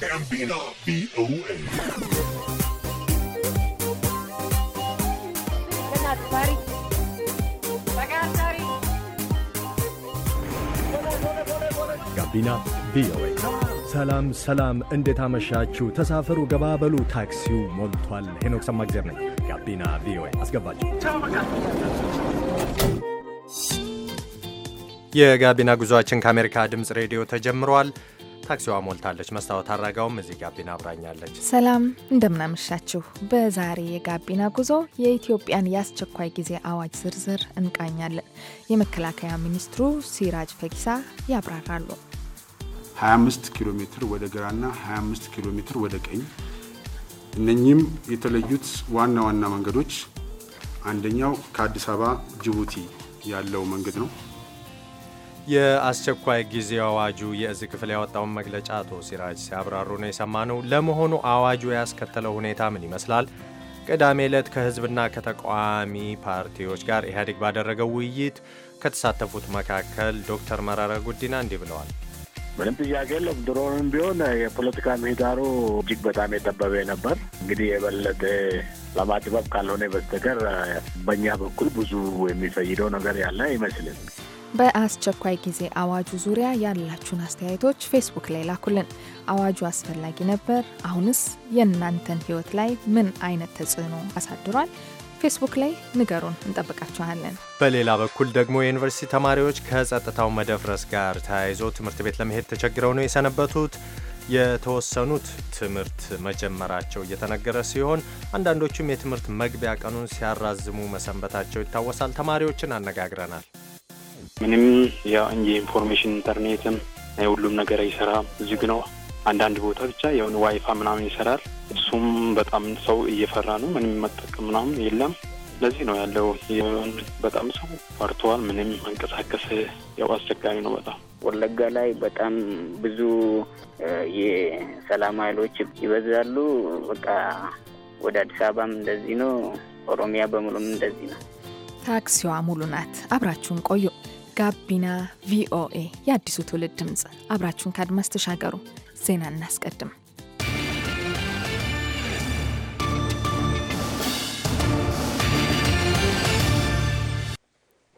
ጋቢና ቪኦኤ ሰላም ሰላም፣ እንዴት አመሻችሁ? ተሳፈሩ፣ ገባበሉ፣ ታክሲው ሞልቷል። ሄኖክ ሰማግዜር ነኝ። ጋቢና ቪኦኤ አስገባችሁ። የጋቢና ጉዞአችን ከአሜሪካ ድምፅ ሬዲዮ ተጀምሯል። ታክሲዋ ሞልታለች። መስታወት አድራጋውም እዚህ ጋቢና አብራኛለች። ሰላም እንደምናመሻችሁ። በዛሬ የጋቢና ጉዞ የኢትዮጵያን የአስቸኳይ ጊዜ አዋጅ ዝርዝር እንቃኛለን። የመከላከያ ሚኒስትሩ ሲራጅ ፈጊሳ ያብራራሉ። 25 ኪሎ ሜትር ወደ ግራና 25 ኪሎ ሜትር ወደ ቀኝ እነኚህም የተለዩት ዋና ዋና መንገዶች አንደኛው ከአዲስ አበባ ጅቡቲ ያለው መንገድ ነው። የአስቸኳይ ጊዜ አዋጁ የእዝ ክፍል ያወጣውን መግለጫ አቶ ሲራጅ ሲያብራሩ ነው የሰማነው። ለመሆኑ አዋጁ ያስከተለው ሁኔታ ምን ይመስላል? ቅዳሜ ዕለት ከህዝብና ከተቃዋሚ ፓርቲዎች ጋር ኢህአዴግ ባደረገው ውይይት ከተሳተፉት መካከል ዶክተር መረራ ጉዲና እንዲህ ብለዋል። ምንም ጥያቄ የለም። ድሮንም ቢሆን የፖለቲካ ምህዳሩ እጅግ በጣም የጠበበ ነበር። እንግዲህ የበለጠ ለማጥበብ ካልሆነ በስተቀር በእኛ በኩል ብዙ የሚፈይደው ነገር ያለ አይመስልም። በአስቸኳይ ጊዜ አዋጁ ዙሪያ ያላችሁን አስተያየቶች ፌስቡክ ላይ ላኩልን። አዋጁ አስፈላጊ ነበር? አሁንስ የእናንተን ሕይወት ላይ ምን አይነት ተጽዕኖ አሳድሯል? ፌስቡክ ላይ ንገሩን፣ እንጠብቃችኋለን። በሌላ በኩል ደግሞ የዩኒቨርሲቲ ተማሪዎች ከጸጥታው መደፍረስ ጋር ተያይዞ ትምህርት ቤት ለመሄድ ተቸግረው ነው የሰነበቱት። የተወሰኑት ትምህርት መጀመራቸው እየተነገረ ሲሆን አንዳንዶቹም የትምህርት መግቢያ ቀኑን ሲያራዝሙ መሰንበታቸው ይታወሳል። ተማሪዎችን አነጋግረናል። ምንም የኢንፎርሜሽን ኢንተርኔትም ሁሉም ነገር አይሰራም። እዚህ ነው። አንዳንድ ቦታ ብቻ የሆነ ዋይፋ ምናምን ይሰራል። እሱም በጣም ሰው እየፈራ ነው። ምንም መጠቀም ምናምን የለም። ለዚህ ነው ያለው። በጣም ሰው ፈርተዋል። ምንም መንቀሳቀስ ያው አስቸጋሪ ነው። በጣም ወለጋ ላይ በጣም ብዙ የሰላም ኃይሎች ይበዛሉ። በቃ ወደ አዲስ አበባም እንደዚህ ነው። ኦሮሚያ በሙሉም እንደዚህ ነው። ታክሲዋ ሙሉ ናት። አብራችሁን ቆዩ። ጋቢና ቪኦኤ የአዲሱ ትውልድ ድምፅ፣ አብራችሁን ከአድማስ ተሻገሩ። ዜና እናስቀድም።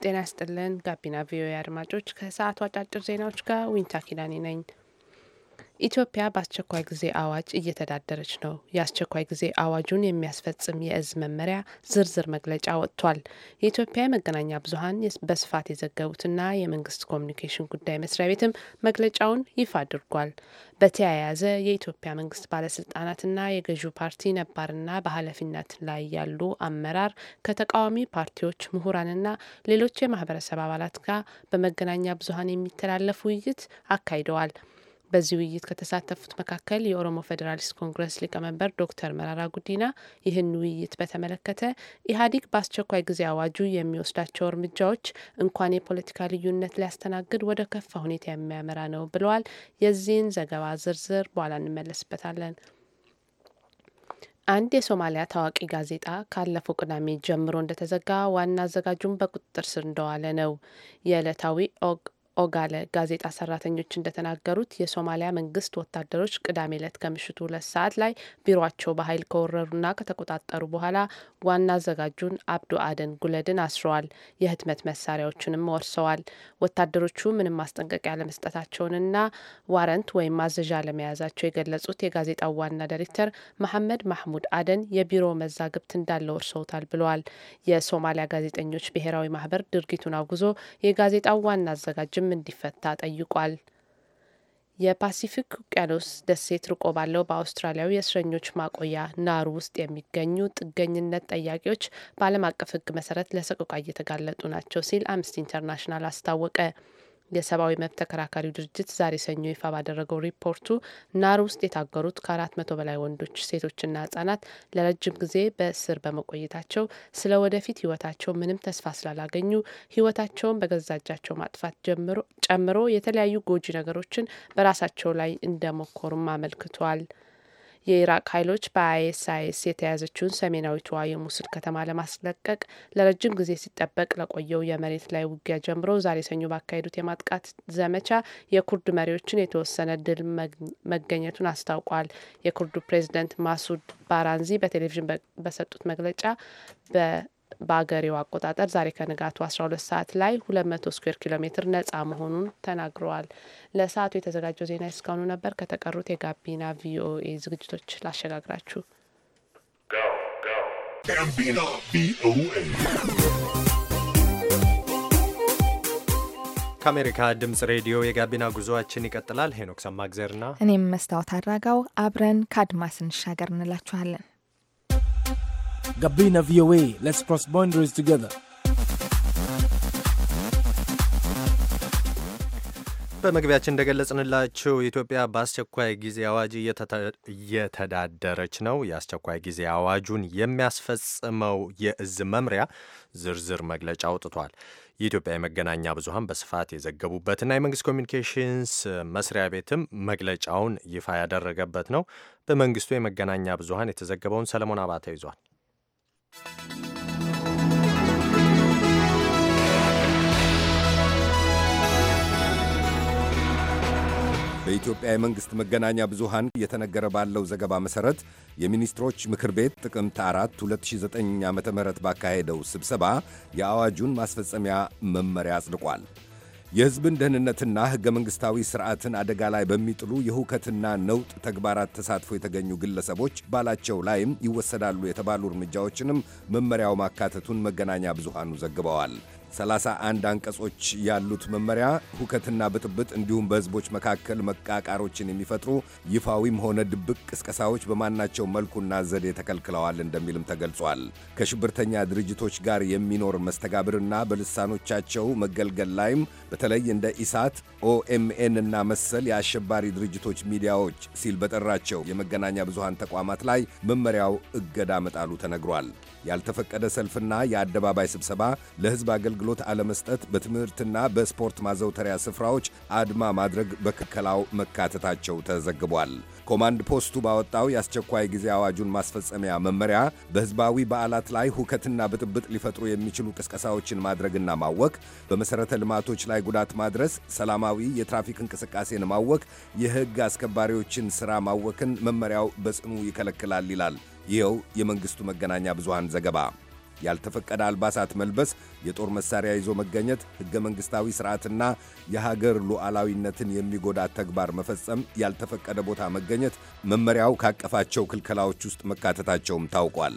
ጤና ይስጥልን። ጋቢና ቪኦኤ አድማጮች፣ ከሰዓቱ አጫጭር ዜናዎች ጋር ዊንታ ኪዳኔ ነኝ። ኢትዮጵያ በአስቸኳይ ጊዜ አዋጅ እየተዳደረች ነው። የአስቸኳይ ጊዜ አዋጁን የሚያስፈጽም የእዝ መመሪያ ዝርዝር መግለጫ ወጥቷል። የኢትዮጵያ የመገናኛ ብዙኃን በስፋት የዘገቡትና የመንግስት ኮሚኒኬሽን ጉዳይ መስሪያ ቤትም መግለጫውን ይፋ አድርጓል። በተያያዘ የኢትዮጵያ መንግስት ባለስልጣናትና የገዢው ፓርቲ ነባርና በኃላፊነት ላይ ያሉ አመራር ከተቃዋሚ ፓርቲዎች ምሁራንና ሌሎች የማህበረሰብ አባላት ጋር በመገናኛ ብዙኃን የሚተላለፍ ውይይት አካሂደዋል። በዚህ ውይይት ከተሳተፉት መካከል የኦሮሞ ፌዴራሊስት ኮንግረስ ሊቀመንበር ዶክተር መራራ ጉዲና ይህን ውይይት በተመለከተ ኢህአዲግ በአስቸኳይ ጊዜ አዋጁ የሚወስዳቸው እርምጃዎች እንኳን የፖለቲካ ልዩነት ሊያስተናግድ ወደ ከፋ ሁኔታ የሚያመራ ነው ብለዋል። የዚህን ዘገባ ዝርዝር በኋላ እንመለስበታለን። አንድ የሶማሊያ ታዋቂ ጋዜጣ ካለፈው ቅዳሜ ጀምሮ እንደተዘጋ ዋና አዘጋጁን በቁጥጥር ስር እንደዋለ ነው የዕለታዊ ኦግ ኦጋለ ጋዜጣ ሰራተኞች እንደተናገሩት የሶማሊያ መንግስት ወታደሮች ቅዳሜ ዕለት ከምሽቱ ሁለት ሰዓት ላይ ቢሮቸው በኃይል ከወረሩና ከተቆጣጠሩ በኋላ ዋና አዘጋጁን አብዱ አደን ጉለድን አስረዋል። የህትመት መሳሪያዎቹንም ወርሰዋል። ወታደሮቹ ምንም ማስጠንቀቂያ ለመስጠታቸውንና ዋረንት ወይም ማዘዣ ለመያዛቸው የገለጹት የጋዜጣው ዋና ዳይሬክተር መሐመድ ማህሙድ አደን የቢሮ መዛግብት እንዳለ ወርሰውታል ብለዋል። የሶማሊያ ጋዜጠኞች ብሔራዊ ማህበር ድርጊቱን አውግዞ የጋዜጣው ዋና አዘጋጅ እስረኞችም እንዲፈታ ጠይቋል። የፓሲፊክ ውቅያኖስ ደሴት ርቆ ባለው በአውስትራሊያዊ የእስረኞች ማቆያ ናሩ ውስጥ የሚገኙ ጥገኝነት ጠያቂዎች በዓለም አቀፍ ሕግ መሰረት ለሰቆቃ እየተጋለጡ ናቸው ሲል አምነስቲ ኢንተርናሽናል አስታወቀ። የሰብአዊ መብት ተከራካሪው ድርጅት ዛሬ ሰኞ ይፋ ባደረገው ሪፖርቱ ናር ውስጥ የታገሩት ከአራት መቶ በላይ ወንዶች፣ ሴቶችና ህጻናት ለረጅም ጊዜ በእስር በመቆየታቸው ስለ ወደፊት ህይወታቸው ምንም ተስፋ ስላላገኙ ህይወታቸውን በገዛ እጃቸው ማጥፋት ጨምሮ የተለያዩ ጎጂ ነገሮችን በራሳቸው ላይ እንደሞከሩም አመልክቷል። የኢራቅ ኃይሎች በአይኤስአይኤስ የተያዘችውን ሰሜናዊቷ የሙስል ከተማ ለማስለቀቅ ለረጅም ጊዜ ሲጠበቅ ለቆየው የመሬት ላይ ውጊያ ጀምሮ ዛሬ ሰኞ ባካሄዱት የማጥቃት ዘመቻ የኩርድ መሪዎችን የተወሰነ ድል መገኘቱን አስታውቋል። የኩርዱ ፕሬዚደንት ማሱድ ባራንዚ በቴሌቪዥን በሰጡት መግለጫ በ በአገሬው አቆጣጠር ዛሬ ከንጋቱ 12 ሰዓት ላይ 200 ስኩዌር ኪሎ ሜትር ነጻ መሆኑን ተናግረዋል። ለሰዓቱ የተዘጋጀው ዜና እስካሁኑ ነበር። ከተቀሩት የጋቢና ቪኦኤ ዝግጅቶች ላሸጋግራችሁ። ከአሜሪካ ድምጽ ሬዲዮ የጋቢና ጉዞዋችን ይቀጥላል። ሄኖክ ሰማግዘርና እኔም መስታወት አድራጋው አብረን ከአድማስ እንሻገር እንላችኋለን። Gabina VOA. Let's cross boundaries together. በመግቢያችን እንደገለጽንላችሁ ኢትዮጵያ በአስቸኳይ ጊዜ አዋጅ እየተዳደረች ነው። የአስቸኳይ ጊዜ አዋጁን የሚያስፈጽመው የእዝ መምሪያ ዝርዝር መግለጫ አውጥቷል። የኢትዮጵያ የመገናኛ ብዙኃን በስፋት የዘገቡበትና የመንግስት ኮሚኒኬሽንስ መስሪያ ቤትም መግለጫውን ይፋ ያደረገበት ነው። በመንግስቱ የመገናኛ ብዙኃን የተዘገበውን ሰለሞን አባተ ይዟል። በኢትዮጵያ የመንግሥት መገናኛ ብዙሃን እየተነገረ ባለው ዘገባ መሠረት የሚኒስትሮች ምክር ቤት ጥቅምት 4 2009 ዓ ም ባካሄደው ስብሰባ የአዋጁን ማስፈጸሚያ መመሪያ አጽድቋል። የሕዝብን ደህንነትና ሕገ መንግሥታዊ ሥርዓትን አደጋ ላይ በሚጥሉ የሁከትና ነውጥ ተግባራት ተሳትፎ የተገኙ ግለሰቦች ባላቸው ላይም ይወሰዳሉ የተባሉ እርምጃዎችንም መመሪያው ማካተቱን መገናኛ ብዙሃኑ ዘግበዋል። 31 አንቀጾች ያሉት መመሪያ ሁከትና ብጥብጥ እንዲሁም በሕዝቦች መካከል መቃቃሮችን የሚፈጥሩ ይፋዊም ሆነ ድብቅ ቅስቀሳዎች በማናቸው መልኩና ዘዴ ተከልክለዋል እንደሚልም ተገልጿል። ከሽብርተኛ ድርጅቶች ጋር የሚኖር መስተጋብርና በልሳኖቻቸው መገልገል ላይም በተለይ እንደ ኢሳት፣ ኦኤምኤን እና መሰል የአሸባሪ ድርጅቶች ሚዲያዎች ሲል በጠራቸው የመገናኛ ብዙሃን ተቋማት ላይ መመሪያው እገዳ መጣሉ ተነግሯል። ያልተፈቀደ ሰልፍና የአደባባይ ስብሰባ ለሕዝብ አገልግሎት አገልግሎት አለመስጠት፣ በትምህርትና በስፖርት ማዘውተሪያ ስፍራዎች አድማ ማድረግ በክከላው መካተታቸው ተዘግቧል። ኮማንድ ፖስቱ ባወጣው የአስቸኳይ ጊዜ አዋጁን ማስፈጸሚያ መመሪያ በሕዝባዊ በዓላት ላይ ሁከትና ብጥብጥ ሊፈጥሩ የሚችሉ ቅስቀሳዎችን ማድረግና ማወክ፣ በመሠረተ ልማቶች ላይ ጉዳት ማድረስ፣ ሰላማዊ የትራፊክ እንቅስቃሴን ማወክ፣ የሕግ አስከባሪዎችን ሥራ ማወክን መመሪያው በጽኑ ይከለክላል ይላል ይኸው የመንግሥቱ መገናኛ ብዙሃን ዘገባ። ያልተፈቀደ አልባሳት መልበስ፣ የጦር መሳሪያ ይዞ መገኘት፣ ሕገ መንግሥታዊ ሥርዓትና የሀገር ሉዓላዊነትን የሚጎዳ ተግባር መፈጸም፣ ያልተፈቀደ ቦታ መገኘት መመሪያው ካቀፋቸው ክልከላዎች ውስጥ መካተታቸውም ታውቋል።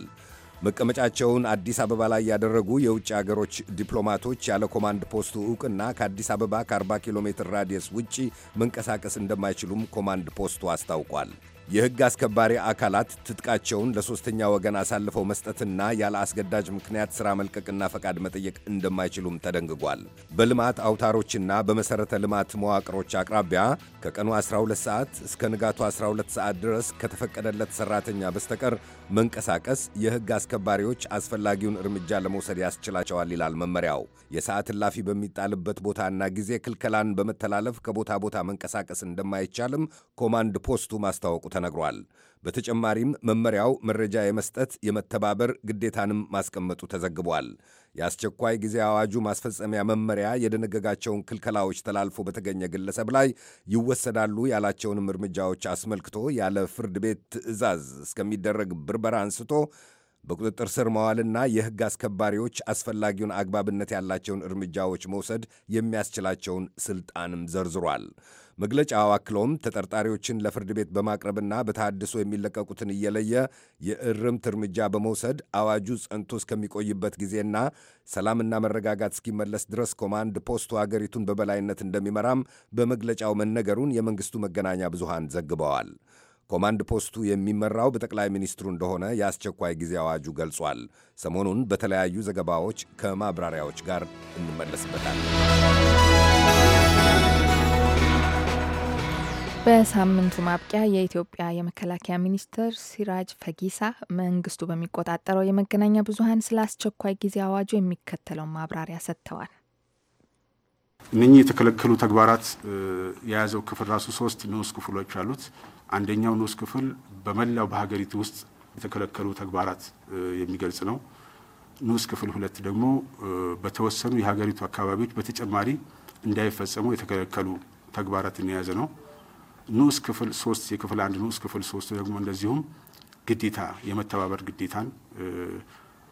መቀመጫቸውን አዲስ አበባ ላይ ያደረጉ የውጭ አገሮች ዲፕሎማቶች ያለ ኮማንድ ፖስቱ ዕውቅና ከአዲስ አበባ ከ40 ኪሎ ሜትር ራዲየስ ውጪ መንቀሳቀስ እንደማይችሉም ኮማንድ ፖስቱ አስታውቋል። የሕግ አስከባሪ አካላት ትጥቃቸውን ለሦስተኛ ወገን አሳልፈው መስጠትና ያለ አስገዳጅ ምክንያት ሥራ መልቀቅና ፈቃድ መጠየቅ እንደማይችሉም ተደንግጓል። በልማት አውታሮችና በመሠረተ ልማት መዋቅሮች አቅራቢያ ከቀኑ 12 ሰዓት እስከ ንጋቱ 12 ሰዓት ድረስ ከተፈቀደለት ሠራተኛ በስተቀር መንቀሳቀስ የሕግ አስከባሪዎች አስፈላጊውን እርምጃ ለመውሰድ ያስችላቸዋል ይላል መመሪያው። የሰዓት እላፊ በሚጣልበት ቦታና ጊዜ ክልከላን በመተላለፍ ከቦታ ቦታ መንቀሳቀስ እንደማይቻልም ኮማንድ ፖስቱ ማስታወቁ ተነግሯል። በተጨማሪም መመሪያው መረጃ የመስጠት የመተባበር ግዴታንም ማስቀመጡ ተዘግቧል። የአስቸኳይ ጊዜ አዋጁ ማስፈጸሚያ መመሪያ የደነገጋቸውን ክልከላዎች ተላልፎ በተገኘ ግለሰብ ላይ ይወሰዳሉ ያላቸውንም እርምጃዎች አስመልክቶ ያለ ፍርድ ቤት ትዕዛዝ እስከሚደረግ ብርበራ አንስቶ በቁጥጥር ስር መዋልና የሕግ አስከባሪዎች አስፈላጊውን አግባብነት ያላቸውን እርምጃዎች መውሰድ የሚያስችላቸውን ስልጣንም ዘርዝሯል። መግለጫው አክሎም ተጠርጣሪዎችን ለፍርድ ቤት በማቅረብና በተሃድሶ የሚለቀቁትን እየለየ የእርምት እርምጃ በመውሰድ አዋጁ ጸንቶ እስከሚቆይበት ጊዜና ሰላምና መረጋጋት እስኪመለስ ድረስ ኮማንድ ፖስቱ አገሪቱን በበላይነት እንደሚመራም በመግለጫው መነገሩን የመንግስቱ መገናኛ ብዙሃን ዘግበዋል። ኮማንድ ፖስቱ የሚመራው በጠቅላይ ሚኒስትሩ እንደሆነ የአስቸኳይ ጊዜ አዋጁ ገልጿል። ሰሞኑን በተለያዩ ዘገባዎች ከማብራሪያዎች ጋር እንመለስበታል። በሳምንቱ ማብቂያ የኢትዮጵያ የመከላከያ ሚኒስትር ሲራጅ ፈጊሳ መንግስቱ በሚቆጣጠረው የመገናኛ ብዙኃን ስለ አስቸኳይ ጊዜ አዋጁ የሚከተለውን ማብራሪያ ሰጥተዋል። እነኚህ የተከለከሉ ተግባራት የያዘው ክፍል ራሱ ሶስት ንዑስ ክፍሎች አሉት። አንደኛው ንዑስ ክፍል በመላው በሀገሪቱ ውስጥ የተከለከሉ ተግባራት የሚገልጽ ነው። ንዑስ ክፍል ሁለት ደግሞ በተወሰኑ የሀገሪቱ አካባቢዎች በተጨማሪ እንዳይፈጸሙ የተከለከሉ ተግባራትን የያዘ ነው። ንዑስ ክፍል ሶስት የክፍል አንድ ንዑስ ክፍል ሶስት ደግሞ እንደዚሁም ግዴታ የመተባበር ግዴታን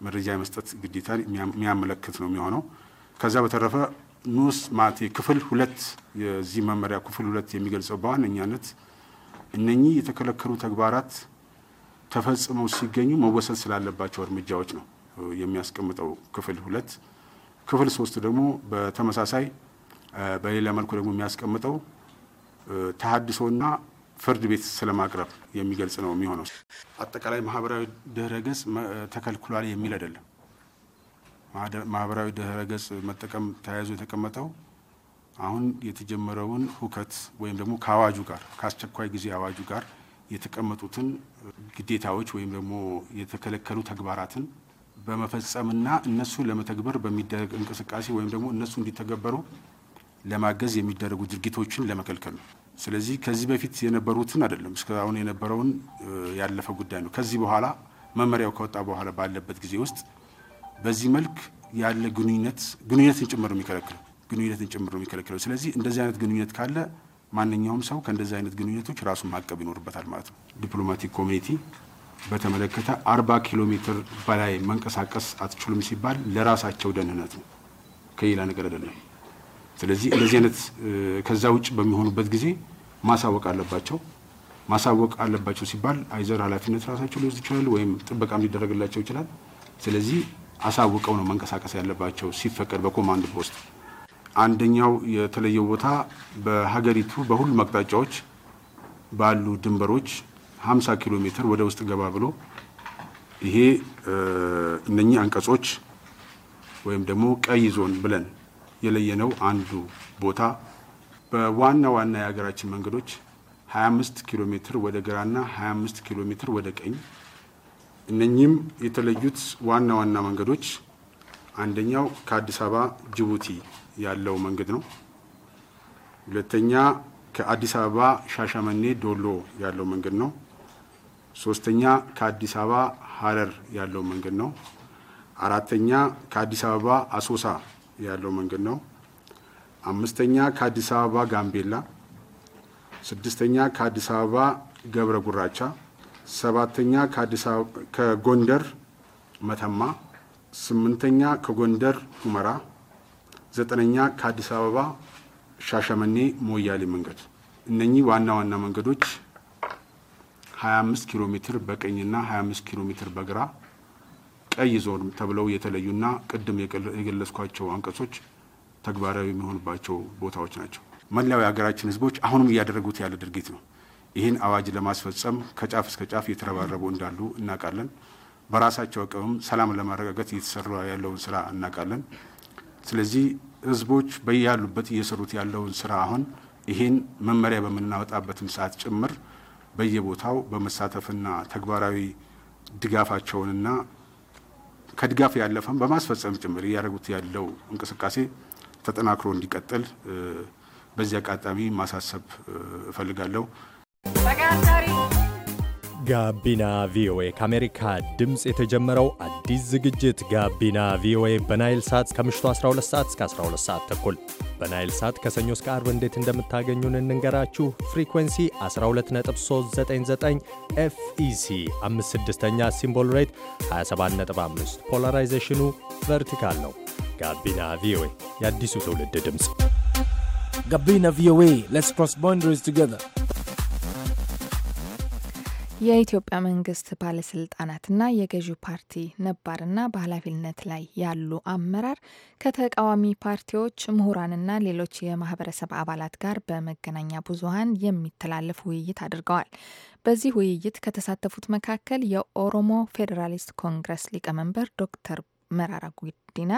መረጃ የመስጠት ግዴታን የሚያመለክት ነው የሚሆነው። ከዛ በተረፈ ንዑስ ማለት ክፍል ሁለት የዚህ መመሪያ ክፍል ሁለት የሚገልጸው በዋነኛነት እነኚህ የተከለከሉ ተግባራት ተፈጽመው ሲገኙ መወሰድ ስላለባቸው እርምጃዎች ነው የሚያስቀምጠው ክፍል ሁለት። ክፍል ሶስት ደግሞ በተመሳሳይ በሌላ መልኩ ደግሞ የሚያስቀምጠው ተሀድሶና ፍርድ ቤት ስለማቅረብ የሚገልጽ ነው የሚሆነው። አጠቃላይ ማህበራዊ ድህረ ገጽ ተከልክሏል የሚል አይደለም። ማህበራዊ ድህረ ገጽ መጠቀም ተያይዞ የተቀመጠው አሁን የተጀመረውን ሁከት ወይም ደግሞ ከአዋጁ ጋር ከአስቸኳይ ጊዜ አዋጁ ጋር የተቀመጡትን ግዴታዎች ወይም ደግሞ የተከለከሉ ተግባራትን በመፈጸምና እነሱን ለመተግበር በሚደረግ እንቅስቃሴ ወይም ደግሞ እነሱ እንዲተገበሩ ለማገዝ የሚደረጉ ድርጊቶችን ለመከልከል ነው። ስለዚህ ከዚህ በፊት የነበሩትን አይደለም እስካሁን የነበረውን ያለፈ ጉዳይ ነው። ከዚህ በኋላ መመሪያው ከወጣ በኋላ ባለበት ጊዜ ውስጥ በዚህ መልክ ያለ ግንኙነት ግንኙነትን ጭምር ነው ግንኙነትን ጭምር የሚከለክለው። ስለዚህ እንደዚህ አይነት ግንኙነት ካለ ማንኛውም ሰው ከእንደዚህ አይነት ግንኙነቶች ራሱን ማቀብ ይኖርበታል ማለት ነው። ዲፕሎማቲክ ኮሚኒቲ በተመለከተ አርባ ኪሎ ሜትር በላይ መንቀሳቀስ አትችሉም ሲባል ለራሳቸው ደህንነት ነው፣ ከሌላ ነገር አይደለም። ስለዚህ እንደዚህ አይነት ከዛ ውጭ በሚሆኑበት ጊዜ ማሳወቅ አለባቸው። ማሳወቅ አለባቸው ሲባል አይዘር ኃላፊነት ራሳቸው ሊወስድ ይችላል፣ ወይም ጥበቃም ሊደረግላቸው ይችላል። ስለዚህ አሳውቀው ነው መንቀሳቀስ ያለባቸው ሲፈቀድ በኮማንድ ፖስት። አንደኛው የተለየው ቦታ በሀገሪቱ በሁሉም አቅጣጫዎች ባሉ ድንበሮች 50 ኪሎ ሜትር ወደ ውስጥ ገባ ብሎ ይሄ እነኚህ አንቀጾች ወይም ደግሞ ቀይ ዞን ብለን የለየነው አንዱ ቦታ በዋና ዋና የሀገራችን መንገዶች 25 ኪሎ ሜትር ወደ ግራና 25 ኪሎ ሜትር ወደ ቀኝ እነኚህም የተለዩት ዋና ዋና መንገዶች አንደኛው ከአዲስ አበባ ጅቡቲ ያለው መንገድ ነው። ሁለተኛ ከአዲስ አበባ ሻሻመኔ ዶሎ ያለው መንገድ ነው። ሶስተኛ ከአዲስ አበባ ሀረር ያለው መንገድ ነው። አራተኛ ከአዲስ አበባ አሶሳ ያለው መንገድ ነው። አምስተኛ ከአዲስ አበባ ጋምቤላ፣ ስድስተኛ ከአዲስ አበባ ገብረ ጉራቻ፣ ሰባተኛ ከጎንደር መተማ፣ ስምንተኛ ከጎንደር ሁመራ፣ ዘጠነኛ ከአዲስ አበባ ሻሸመኔ ሞያሌ መንገድ። እነኚህ ዋና ዋና መንገዶች 25 ኪሎ ሜትር በቀኝና 25 ኪሎ ሜትር በግራ ቀይ ዞን ተብለው የተለዩና ቅድም የገለጽኳቸው አንቀጾች ተግባራዊ የሚሆንባቸው ቦታዎች ናቸው። መላው የሀገራችን ህዝቦች አሁንም እያደረጉት ያለ ድርጊት ነው። ይህን አዋጅ ለማስፈጸም ከጫፍ እስከ ጫፍ እየተረባረቡ እንዳሉ እናውቃለን። በራሳቸው አቅምም ሰላም ለማረጋገጥ እየተሰራ ያለውን ስራ እናውቃለን። ስለዚህ ህዝቦች በያሉበት እየሰሩት ያለውን ስራ አሁን ይህን መመሪያ በምናወጣበትም ሰዓት ጭምር በየቦታው በመሳተፍና ተግባራዊ ድጋፋቸውንና ከድጋፍ ያለፈም በማስፈጸም ጭምር እያደረጉት ያለው እንቅስቃሴ ተጠናክሮ እንዲቀጥል በዚህ አጋጣሚ ማሳሰብ እፈልጋለሁ። ጋቢና ቪኦኤ ከአሜሪካ ድምፅ የተጀመረው አዲስ ዝግጅት ጋቢና ቪኦኤ በናይል ሳት ከምሽቱ 12 ሰዓት እስከ 12 ሰዓት ተኩል በናይል ሳት ከሰኞ እስከ አርብ እንዴት እንደምታገኙን እንንገራችሁ። ፍሪኩንሲ 12399 ኤፍኢሲ 56ኛ ሲምቦል ሬት 275 ፖላራይዜሽኑ ቨርቲካል ነው። ጋቢና ቪኦኤ የአዲሱ ትውልድ ድምፅ። ጋቢና ቪኦኤ ስ ክሮስ ባውንደሪስ የኢትዮጵያ መንግስት ባለስልጣናትና የገዢው ፓርቲ ነባርና በኃላፊነት ላይ ያሉ አመራር ከተቃዋሚ ፓርቲዎች ምሁራንና ሌሎች የማህበረሰብ አባላት ጋር በመገናኛ ብዙሀን የሚተላለፍ ውይይት አድርገዋል። በዚህ ውይይት ከተሳተፉት መካከል የኦሮሞ ፌዴራሊስት ኮንግረስ ሊቀመንበር ዶክተር መራራ ጉዲና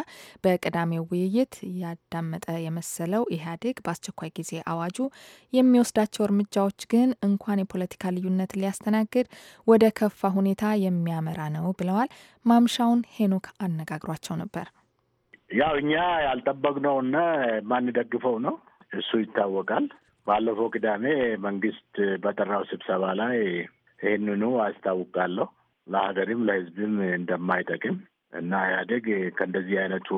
በቅዳሜው ውይይት ያዳመጠ የመሰለው ኢህአዴግ በአስቸኳይ ጊዜ አዋጁ የሚወስዳቸው እርምጃዎች ግን እንኳን የፖለቲካ ልዩነት ሊያስተናግድ ወደ ከፋ ሁኔታ የሚያመራ ነው ብለዋል። ማምሻውን ሄኖክ አነጋግሯቸው ነበር። ያው እኛ ያልጠበቅነውና ማንደግፈው ነው እሱ ይታወቃል። ባለፈው ቅዳሜ መንግስት በጠራው ስብሰባ ላይ ይህንኑ አስታውቃለሁ። ለሀገርም ለህዝብም እንደማይጠቅም እና ኢህአዴግ ከእንደዚህ አይነቱ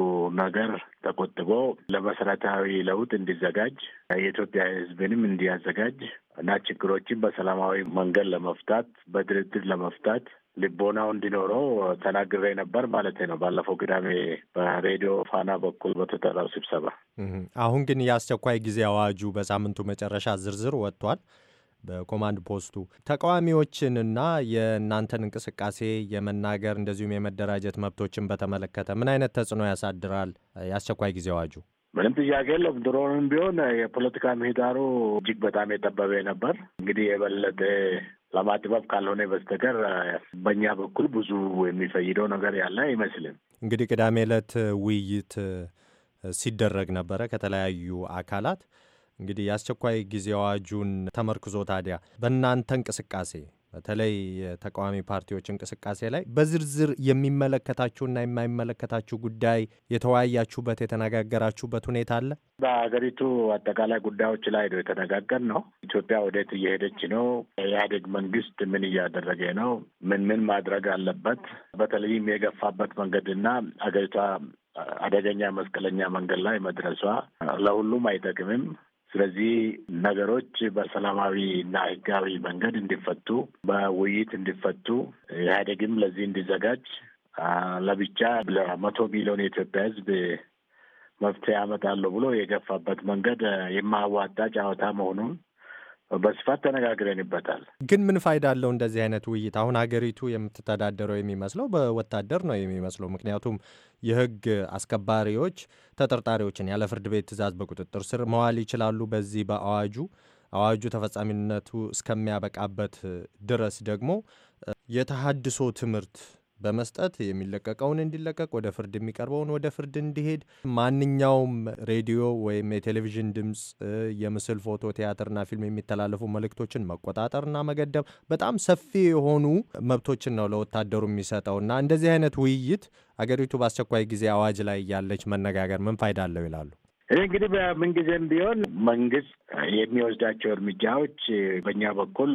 ነገር ተቆጥቦ ለመሰረታዊ ለውጥ እንዲዘጋጅ የኢትዮጵያ ሕዝብንም እንዲያዘጋጅ እና ችግሮችን በሰላማዊ መንገድ ለመፍታት በድርድር ለመፍታት ልቦናው እንዲኖረው ተናግሬ ነበር ማለት ነው። ባለፈው ቅዳሜ በሬዲዮ ፋና በኩል በተጠራው ስብሰባ። አሁን ግን የአስቸኳይ ጊዜ አዋጁ በሳምንቱ መጨረሻ ዝርዝር ወጥቷል። በኮማንድ ፖስቱ ተቃዋሚዎችንና የእናንተን እንቅስቃሴ የመናገር እንደዚሁም የመደራጀት መብቶችን በተመለከተ ምን አይነት ተጽዕኖ ያሳድራል የአስቸኳይ ጊዜ አዋጁ? ምንም ጥያቄ የለም። ድሮንም ቢሆን የፖለቲካ ምህዳሩ እጅግ በጣም የጠበበ ነበር። እንግዲህ የበለጠ ለማጥበብ ካልሆነ በስተቀር በእኛ በኩል ብዙ የሚፈይደው ነገር ያለ አይመስልም። እንግዲህ ቅዳሜ ዕለት ውይይት ሲደረግ ነበረ ከተለያዩ አካላት እንግዲህ የአስቸኳይ ጊዜ አዋጁን ተመርክዞ ታዲያ በእናንተ እንቅስቃሴ በተለይ የተቃዋሚ ፓርቲዎች እንቅስቃሴ ላይ በዝርዝር የሚመለከታችሁና የማይመለከታችሁ ጉዳይ የተወያያችሁበት የተነጋገራችሁበት ሁኔታ አለ? በሀገሪቱ አጠቃላይ ጉዳዮች ላይ ነው የተነጋገር ነው። ኢትዮጵያ ወዴት እየሄደች ነው? የኢህአዴግ መንግስት ምን እያደረገ ነው? ምን ምን ማድረግ አለበት? በተለይም የገፋበት መንገድና ሀገሪቷ አደገኛ መስቀለኛ መንገድ ላይ መድረሷ ለሁሉም አይጠቅምም። ስለዚህ ነገሮች በሰላማዊ እና ህጋዊ መንገድ እንዲፈቱ በውይይት እንዲፈቱ ኢህአዴግም ለዚህ እንዲዘጋጅ ለብቻ ለመቶ ሚሊዮን የኢትዮጵያ ህዝብ መፍትሄ ያመጣለሁ ብሎ የገፋበት መንገድ የማያዋጣ ጨዋታ መሆኑን በስፋት ተነጋግረንበታል። ግን ምን ፋይዳ አለው እንደዚህ አይነት ውይይት? አሁን ሀገሪቱ የምትተዳደረው የሚመስለው በወታደር ነው የሚመስለው። ምክንያቱም የህግ አስከባሪዎች ተጠርጣሪዎችን ያለ ፍርድ ቤት ትዕዛዝ በቁጥጥር ስር መዋል ይችላሉ። በዚህ በአዋጁ አዋጁ ተፈጻሚነቱ እስከሚያበቃበት ድረስ ደግሞ የተሃድሶ ትምህርት በመስጠት የሚለቀቀውን እንዲለቀቅ፣ ወደ ፍርድ የሚቀርበውን ወደ ፍርድ እንዲሄድ፣ ማንኛውም ሬዲዮ ወይም የቴሌቪዥን ድምፅ፣ የምስል፣ ፎቶ፣ ቲያትርና ፊልም የሚተላለፉ መልእክቶችን መቆጣጠርና መገደብ በጣም ሰፊ የሆኑ መብቶችን ነው ለወታደሩ የሚሰጠው እና እንደዚህ አይነት ውይይት አገሪቱ በአስቸኳይ ጊዜ አዋጅ ላይ ያለች መነጋገር ምን ፋይዳ አለው ይላሉ። እንግዲህ በምንጊዜም ቢሆን መንግስት የሚወስዳቸው እርምጃዎች በእኛ በኩል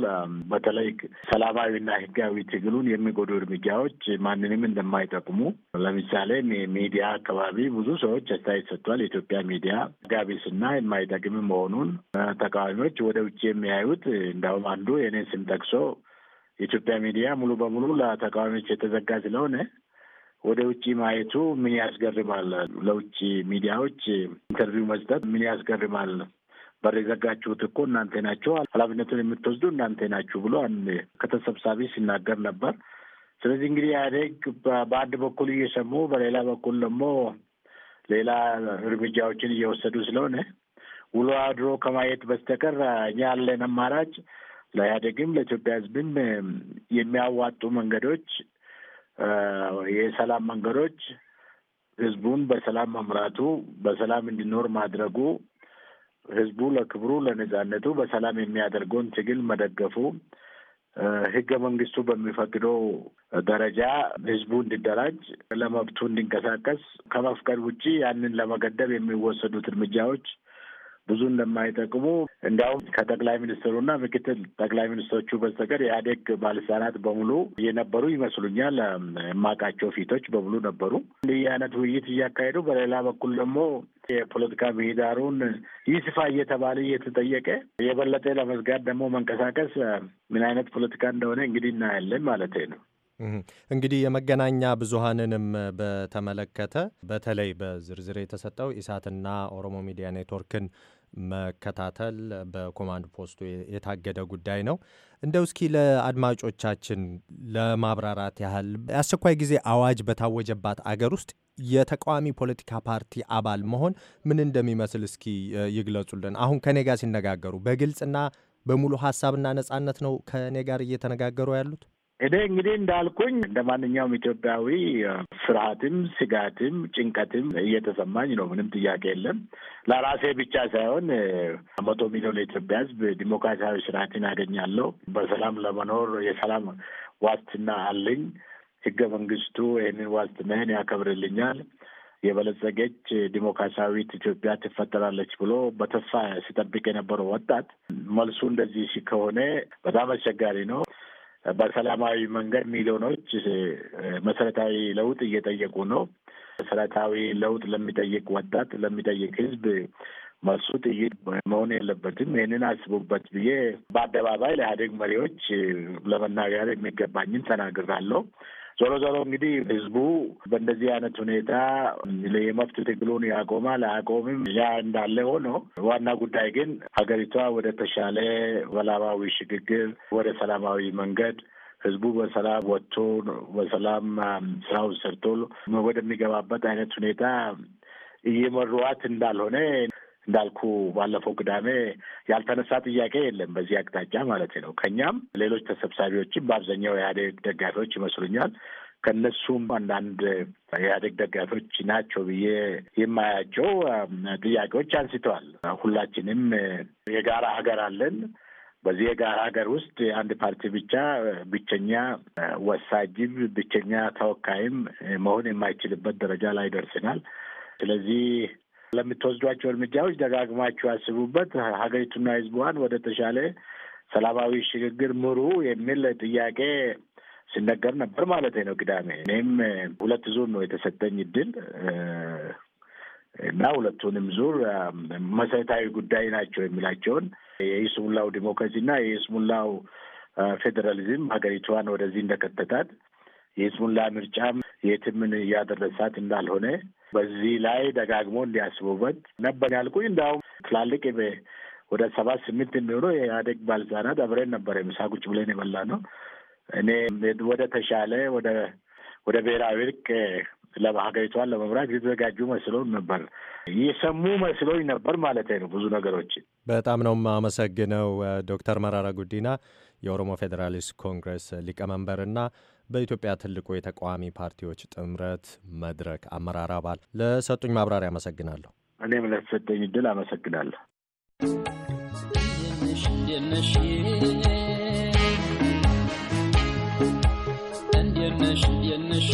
በተለይ ሰላማዊና ህጋዊ ትግሉን የሚጎዱ እርምጃዎች ማንንም እንደማይጠቅሙ ለምሳሌ ሚዲያ አካባቢ ብዙ ሰዎች አስተያየት ሰጥቷል። የኢትዮጵያ ሚዲያ ጋቢስና የማይጠቅም መሆኑን ተቃዋሚዎች ወደ ውጭ የሚያዩት እንዳውም አንዱ የኔን ስም ጠቅሶ የኢትዮጵያ ሚዲያ ሙሉ በሙሉ ለተቃዋሚዎች የተዘጋ ስለሆነ ወደ ውጭ ማየቱ ምን ያስገርማል? ለውጭ ሚዲያዎች ኢንተርቪው መስጠት ምን ያስገርማል? በር የዘጋችሁት እኮ እናንተ ናችሁ፣ ኃላፊነቱን የምትወስዱ እናንተ ናችሁ ብሎ አንድ ከተሰብሳቢ ሲናገር ነበር። ስለዚህ እንግዲህ ኢህአዴግ በአንድ በኩል እየሰሙ በሌላ በኩል ደግሞ ሌላ እርምጃዎችን እየወሰዱ ስለሆነ ውሎ አድሮ ከማየት በስተቀር እኛ ያለን አማራጭ ለኢህአዴግም ለኢትዮጵያ ሕዝብም የሚያዋጡ መንገዶች የሰላም መንገዶች ህዝቡን በሰላም መምራቱ፣ በሰላም እንዲኖር ማድረጉ፣ ህዝቡ ለክብሩ ለነጻነቱ በሰላም የሚያደርገውን ትግል መደገፉ፣ ህገ መንግስቱ በሚፈቅደው ደረጃ ህዝቡ እንዲደራጅ ለመብቱ እንዲንቀሳቀስ ከመፍቀድ ውጪ ያንን ለመገደብ የሚወሰዱት እርምጃዎች ብዙ እንደማይጠቅሙ እንዲያውም ከጠቅላይ ሚኒስትሩና ምክትል ጠቅላይ ሚኒስትሮቹ በስተቀር የኢህአዴግ ባለስልጣናት በሙሉ የነበሩ ይመስሉኛል። የማውቃቸው ፊቶች በሙሉ ነበሩ። እንዲህ አይነት ውይይት እያካሄዱ፣ በሌላ በኩል ደግሞ የፖለቲካ ምህዳሩን ይስፋ እየተባለ እየተጠየቀ የበለጠ ለመዝጋት ደግሞ መንቀሳቀስ ምን አይነት ፖለቲካ እንደሆነ እንግዲህ እናያለን ማለት ነው። እንግዲህ የመገናኛ ብዙኃንንም በተመለከተ በተለይ በዝርዝር የተሰጠው ኢሳትና ኦሮሞ ሚዲያ ኔትወርክን መከታተል በኮማንድ ፖስቱ የታገደ ጉዳይ ነው። እንደው እስኪ ለአድማጮቻችን ለማብራራት ያህል የአስቸኳይ ጊዜ አዋጅ በታወጀባት አገር ውስጥ የተቃዋሚ ፖለቲካ ፓርቲ አባል መሆን ምን እንደሚመስል እስኪ ይግለጹልን። አሁን ከኔ ጋር ሲነጋገሩ በግልጽና በሙሉ ሀሳብና ነጻነት ነው ከኔ ጋር እየተነጋገሩ ያሉት። እኔ እንግዲህ እንዳልኩኝ እንደ ማንኛውም ኢትዮጵያዊ ፍርሃትም፣ ስጋትም፣ ጭንቀትም እየተሰማኝ ነው። ምንም ጥያቄ የለም። ለራሴ ብቻ ሳይሆን መቶ ሚሊዮን ኢትዮጵያ ሕዝብ ዲሞክራሲያዊ ስርዓትን ያገኛለሁ፣ በሰላም ለመኖር የሰላም ዋስትና አለኝ፣ ህገ መንግስቱ ይህንን ዋስትናን ያከብርልኛል፣ የበለጸገች ዲሞክራሲያዊት ኢትዮጵያ ትፈጠራለች ብሎ በተስፋ ሲጠብቅ የነበረው ወጣት መልሱ እንደዚህ ከሆነ በጣም አስቸጋሪ ነው። በሰላማዊ መንገድ ሚሊዮኖች መሰረታዊ ለውጥ እየጠየቁ ነው። መሰረታዊ ለውጥ ለሚጠይቅ ወጣት ለሚጠይቅ ህዝብ መልሱ ጥይት መሆን የለበትም። ይህንን አስቡበት ብዬ በአደባባይ ለኢህአዴግ መሪዎች ለመናገር የሚገባኝን ተናግራለሁ። ዞሮ ዞሮ እንግዲህ ህዝቡ በእንደዚህ አይነት ሁኔታ የመብት ትግሉን ያቆማል አያቆምም፣ ያ እንዳለ ሆኖ ዋና ጉዳይ ግን ሀገሪቷ ወደ ተሻለ ሰላማዊ ሽግግር ወደ ሰላማዊ መንገድ ህዝቡ በሰላም ወጥቶ በሰላም ስራውን ሰርቶ ወደሚገባበት አይነት ሁኔታ እየመሯት እንዳልሆነ እንዳልኩ ባለፈው ቅዳሜ ያልተነሳ ጥያቄ የለም በዚህ አቅጣጫ ማለት ነው። ከኛም ሌሎች ተሰብሳቢዎችም በአብዛኛው ኢህአዴግ ደጋፊዎች ይመስሉኛል ከነሱም አንዳንድ ኢህአዴግ ደጋፊዎች ናቸው ብዬ የማያቸው ጥያቄዎች አንስተዋል። ሁላችንም የጋራ ሀገር አለን። በዚህ የጋራ ሀገር ውስጥ አንድ ፓርቲ ብቻ ብቸኛ ወሳጅም ብቸኛ ተወካይም መሆን የማይችልበት ደረጃ ላይ ደርስናል። ስለዚህ ለምትወስዷቸው እርምጃዎች ደጋግማችሁ ያስቡበት፣ ሀገሪቱና ሕዝቧን ወደ ተሻለ ሰላማዊ ሽግግር ምሩ የሚል ጥያቄ ሲነገር ነበር ማለት ነው። ቅዳሜ እኔም ሁለት ዙር ነው የተሰጠኝ እድል እና ሁለቱንም ዙር መሰረታዊ ጉዳይ ናቸው የሚላቸውን የይስሙላው ዲሞክራሲና የይስሙላው ፌዴራሊዝም ሀገሪቷን ወደዚህ እንደከተታት የይስሙላ ምርጫም የትምን እያደረሳት እንዳልሆነ በዚህ ላይ ደጋግሞ እንዲያስቡበት ነበር ያልኩኝ። እንዲያውም ትላልቅ ወደ ሰባት ስምንት የሚሆኑ የኢህአዴግ ባለስልጣናት አብረን ነበር ምሳ ቁጭ ብለን የበላ ነው። እኔ ወደ ተሻለ ወደ ወደ ብሔራዊ እርቅ ለሀገሪቷን ለመምራት የተዘጋጁ መስሎኝ ነበር። የሰሙ መስሎኝ ነበር ማለት ነው። ብዙ ነገሮችን በጣም ነው የማመሰግነው ዶክተር መራራ ጉዲና የኦሮሞ ፌዴራሊስት ኮንግረስ ሊቀመንበርና በኢትዮጵያ ትልቁ የተቃዋሚ ፓርቲዎች ጥምረት መድረክ አመራር አባል ለሰጡኝ ማብራሪያ አመሰግናለሁ። እኔም ለተሰጠኝ እድል አመሰግናለሁ። እንደነሽ እንደነሽ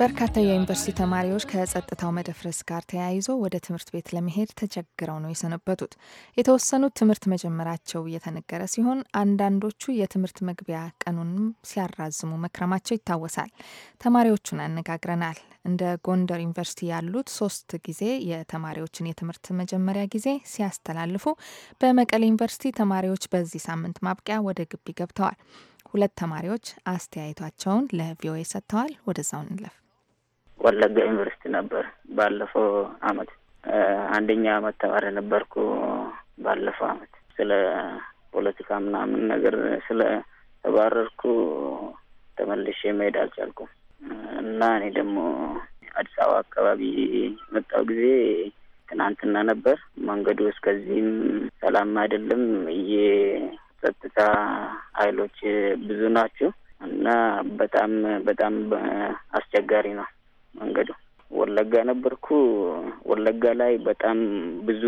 በርካታ የዩኒቨርሲቲ ተማሪዎች ከጸጥታው መደፍረስ ጋር ተያይዞ ወደ ትምህርት ቤት ለመሄድ ተቸግረው ነው የሰነበቱት። የተወሰኑት ትምህርት መጀመራቸው እየተነገረ ሲሆን አንዳንዶቹ የትምህርት መግቢያ ቀኑንም ሲያራዝሙ መክረማቸው ይታወሳል። ተማሪዎቹን አነጋግረናል። እንደ ጎንደር ዩኒቨርሲቲ ያሉት ሶስት ጊዜ የተማሪዎችን የትምህርት መጀመሪያ ጊዜ ሲያስተላልፉ፣ በመቀሌ ዩኒቨርሲቲ ተማሪዎች በዚህ ሳምንት ማብቂያ ወደ ግቢ ገብተዋል። ሁለት ተማሪዎች አስተያየታቸውን ለቪኦኤ ሰጥተዋል። ወደዛው እንለፍ። ወለጋ ዩኒቨርሲቲ ነበር ባለፈው አመት አንደኛ አመት ተማሪ ነበርኩ። ባለፈው አመት ስለ ፖለቲካ ምናምን ነገር ስለ ተባረርኩ ተመልሼ መሄድ አልቻልኩም እና እኔ ደግሞ አዲስ አበባ አካባቢ መጣው ጊዜ ትናንትና ነበር። መንገዱ እስከዚህም ሰላም አይደለም። የጸጥታ ኃይሎች ብዙ ናቸው እና በጣም በጣም አስቸጋሪ ነው። መንገዱ። ወለጋ ነበርኩ። ወለጋ ላይ በጣም ብዙ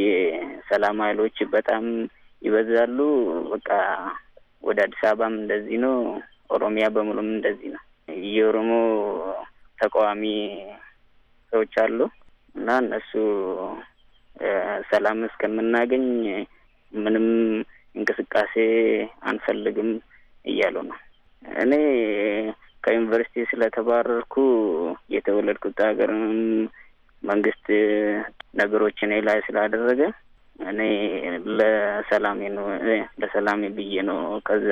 የሰላም ኃይሎች በጣም ይበዛሉ። በቃ ወደ አዲስ አበባም እንደዚህ ነው። ኦሮሚያ በሙሉም እንደዚህ ነው። የኦሮሞ ተቃዋሚ ሰዎች አሉ እና እነሱ ሰላም እስከምናገኝ ምንም እንቅስቃሴ አንፈልግም እያሉ ነው። እኔ ከዩኒቨርሲቲ ስለተባረርኩ የተወለድኩት ሀገር መንግስት ነገሮችን ላይ ስላደረገ እኔ ለሰላሜ ነው ለሰላሜ ብዬ ነው ከዛ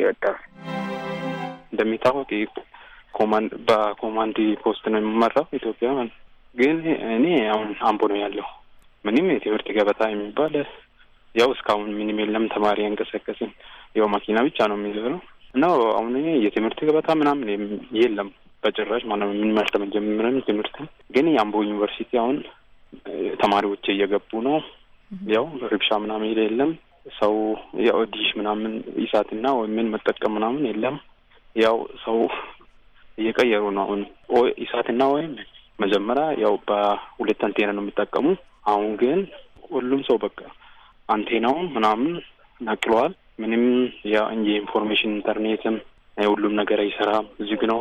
የወጣሁት። እንደሚታወቅ ኮማንድ በኮማንድ ፖስት ነው የሚመራው ኢትዮጵያ ግን እኔ አሁን አምቦ ነው ያለው። ምንም የትምህርት ገበታ የሚባል ያው እስካሁን ምንም የለም። ተማሪ አንቀሳቀስን ያው መኪና ብቻ ነው የሚዞረው እና አሁን የትምህርት ገበታ ምናምን የለም በጭራሽ ማለት ነው። የምንመርጠው መጀመሪያ ትምህርት ግን የአምቦ ዩኒቨርሲቲ አሁን ተማሪዎች እየገቡ ነው። ያው ሪብሻ ምናምን የለም። ሰው ያው ዲሽ ምናምን ኢሳትና ምን መጠቀም ምናምን የለም። ያው ሰው እየቀየሩ ነው አሁን ይሳትና ወይም መጀመሪያ ያው በሁለት አንቴና ነው የሚጠቀሙ። አሁን ግን ሁሉም ሰው በቃ አንቴናውን ምናምን ነቅለዋል። ምንም የኢንፎርሜሽን ኢንተርኔትም ሁሉም ነገር አይሰራም። ዝግ ነው።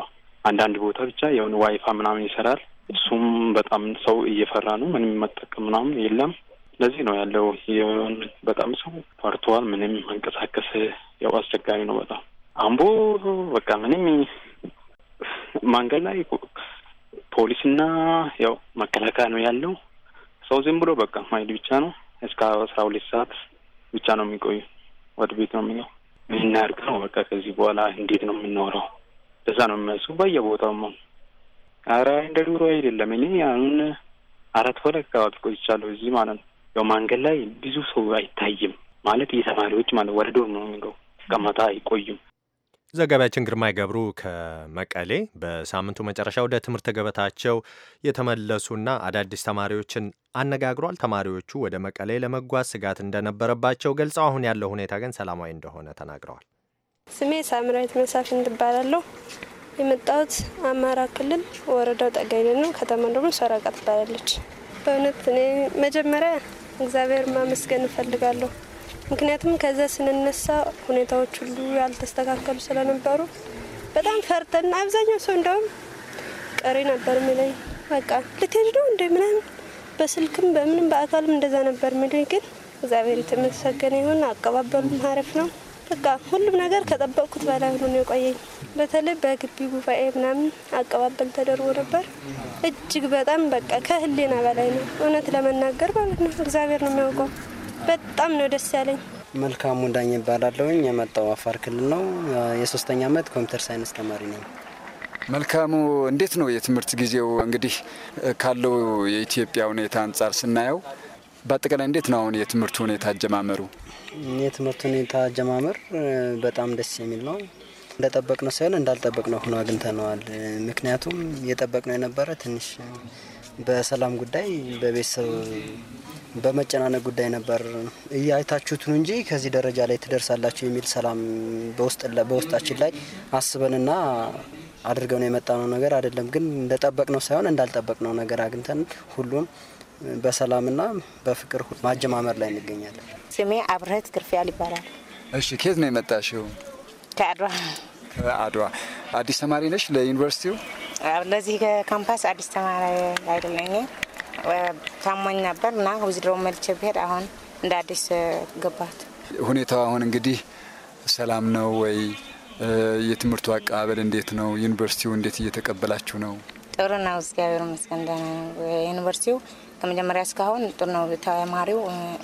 አንዳንድ ቦታ ብቻ የሆነ ዋይፋ ምናምን ይሰራል። እሱም በጣም ሰው እየፈራ ነው። ምንም መጠቀም ምናምን የለም። ለዚህ ነው ያለው በጣም ሰው ፈርቷል ምንም መንቀሳቀስ ያው አስቸጋሪ ነው በጣም አምቦ በቃ ምንም መንገድ ላይ ፖሊስና ያው መከላከያ ነው ያለው። ሰው ዝም ብሎ በቃ ማይድ ብቻ ነው። እስከ አስራ ሁለት ሰዓት ብቻ ነው የሚቆዩ ወደ ቤት ነው የሚለው የምናድግ ነው በቃ ከዚህ በኋላ እንዴት ነው የምኖረው? እዛ ነው የሚያሱ በየቦታው ማ አረ እንደ ዱሮ አይደለም። እኔ አሁን አራት ወር አካባቢ ቆይቻለሁ እዚህ ማለት ነው። ያው መንገድ ላይ ብዙ ሰው አይታይም ማለት የተማሪዎች ማለት ወደ ዶርም ነው የሚገቡ ቀመታ አይቆዩም። ዘጋቢያችን ግርማይ ገብሩ ከመቀሌ በሳምንቱ መጨረሻ ወደ ትምህርት ገበታቸው የተመለሱና አዳዲስ ተማሪዎችን አነጋግሯል። ተማሪዎቹ ወደ መቀሌ ለመጓዝ ስጋት እንደነበረባቸው ገልጸው አሁን ያለው ሁኔታ ግን ሰላማዊ እንደሆነ ተናግረዋል። ስሜ ሳምራዊት መሳፍንት እባላለሁ። የመጣሁት አማራ ክልል ወረዳው ጠገዴ ነው። ከተማ ደግሞ ሰረቃ ትባላለች። በእውነት እኔ መጀመሪያ እግዚአብሔር ማመስገን እፈልጋለሁ ምክንያቱም ከዛ ስንነሳ ሁኔታዎች ሁሉ ያልተስተካከሉ ስለነበሩ በጣም ፈርተን፣ አብዛኛው ሰው እንደውም ቀሪ ነበር የሚለኝ። በቃ ልትሄድ ነው እንደ ምናምን በስልክም በምንም በአካልም እንደዛ ነበር የሚለኝ። ግን እግዚአብሔር የተመሰገነ ይሁን፣ አቀባበሉም አሪፍ ነው። በቃ ሁሉም ነገር ከጠበቅኩት በላይ ሆኖ የቆየኝ። በተለይ በግቢ ጉባኤ ምናምን አቀባበል ተደርጎ ነበር። እጅግ በጣም በቃ ከህሊና በላይ ነው እውነት ለመናገር ማለት ነው። እግዚአብሔር ነው የሚያውቀው። በጣም ነው ደስ ያለኝ። መልካሙ ዳኝ ይባላለሁ የመጣው አፋር ክልል ነው። የሶስተኛ ዓመት ኮምፒውተር ሳይንስ ተማሪ ነኝ። መልካሙ እንዴት ነው የትምህርት ጊዜው? እንግዲህ ካለው የኢትዮጵያ ሁኔታ አንጻር ስናየው በአጠቃላይ እንዴት ነው አሁን የትምህርቱ ሁኔታ አጀማመሩ? የትምህርት ሁኔታ አጀማመር በጣም ደስ የሚል ነው። እንደጠበቅነው ሳይሆን እንዳልጠበቅነው ሆኖ አግኝተነዋል። ምክንያቱም የጠበቅነው የነበረ ትንሽ በሰላም ጉዳይ በቤተሰብ በመጨናነቅ ጉዳይ ነበር ነው እንጂ ከዚህ ደረጃ ላይ ትደርሳላችሁ የሚል ሰላም በውስጣችን ላይ አስበንና አድርገን የመጣነው ነገር አይደለም። ግን እንደጠበቅነው ሳይሆን እንዳልጠበቅነው ነገር አግኝተን ሁሉም በሰላምና በፍቅር ማጀማመር ላይ እንገኛለን። ስሜ አብርህት ግርፊያል ይባላል። እሺ፣ ከየት ነው የመጣሽው? ከአድዋ። ከአድዋ አዲስ ተማሪ ነሽ? ለዩኒቨርሲቲው ለዚህ ካምፓስ አዲስ ተማሪ አይደለኝ ታሞኝ ነበር እና ውዝድሮ መልቼ ብሄድ አሁን እንደ አዲስ ገባት። ሁኔታው አሁን እንግዲህ ሰላም ነው ወይ? የትምህርቱ አቀባበል እንዴት ነው? ዩኒቨርሲቲው እንዴት እየተቀበላችሁ ነው? ጥሩ ነው፣ እግዚአብሔር ይመስገን ደህና ነው። ዩኒቨርሲቲው ከመጀመሪያ እስካሁን ጥሩ ነው። ተማሪው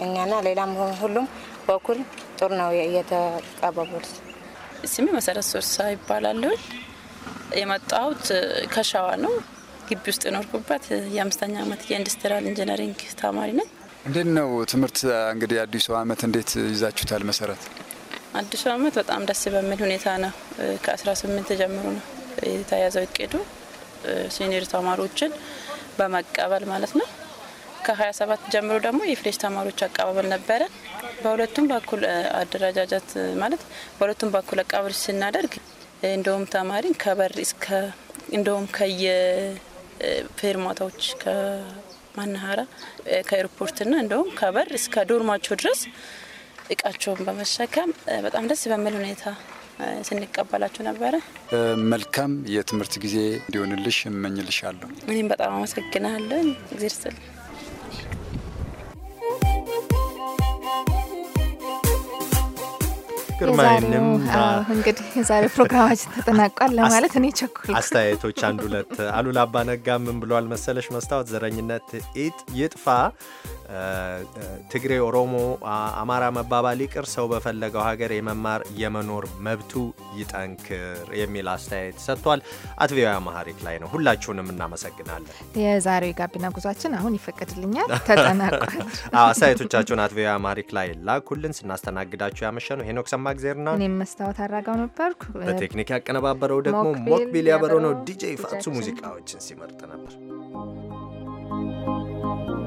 እኛና ሌላም ሁሉም በኩል ጥሩ ነው እየተቀባበሉት። ስሜ መሰረት ሶርሳ ይባላለሁ። የመጣሁት ከሸዋ ነው። ግቢ ውስጥ የኖርኩበት የአምስተኛ ዓመት የኢንዱስትሪያል ኢንጂነሪንግ ተማሪ ነኝ። እንዴት ነው ትምህርት እንግዲህ አዲሱ ዓመት እንዴት ይዛችሁታል? መሰረት አዲሱ ዓመት በጣም ደስ በሚል ሁኔታ ነው። ከ18 ጀምሮ ነው የተያዘው እቅዱ ሲኒር ተማሪዎችን በመቀበል ማለት ነው። ከ27 ጀምሮ ደግሞ የፍሬሽ ተማሪዎች አቀባበል ነበረ። በሁለቱም በኩል አደረጃጀት ማለት በሁለቱም በኩል አቀባበል ስናደርግ እንደውም ተማሪን ከበር እስከ እንደውም ከየ ፌርማታዎች ከማናሀራ ከኤርፖርትና እንደውም ከበር እስከ ዶርማቸው ድረስ እቃቸውን በመሸከም በጣም ደስ በሚል ሁኔታ ስንቀበላቸው ነበረ። መልካም የትምህርት ጊዜ እንዲሆንልሽ እመኝልሻለሁ። እኔም በጣም አመሰግናለን። እግዜር ይስጥልኝ። ግርማይንም እንግዲህ የዛሬ ፕሮግራማችን ተጠናቋል ለማለት እኔ ቸኩል። አስተያየቶች አንድ ሁለት አሉላ አባነጋ ምን ብሏል መሰለሽ መስታወት ዘረኝነት ይጥፋ ትግሬ፣ ኦሮሞ፣ አማራ መባባል ይቅር ሰው በፈለገው ሀገር የመማር የመኖር መብቱ ይጠንክር የሚል አስተያየት ሰጥቷል። አት ቪኦኤ አማሪክ ላይ ነው። ሁላችሁንም እናመሰግናለን። የዛሬው የጋቢና ጉዟችን አሁን ይፈቀድልኛል ተጠናቋል። አስተያየቶቻችሁን አት ቪኦኤ አማሪክ ላይ ላኩልን። ስናስተናግዳችሁ ነው ሄኖክ ሰማእግዜርና እኔም መስታወት አራጋው ነበርኩ። በቴክኒክ ያቀነባበረው ደግሞ ሞክቢል ያበረው ነው። ዲጄ ፋቱ ሙዚቃዎችን ሲመርጥ ነበር።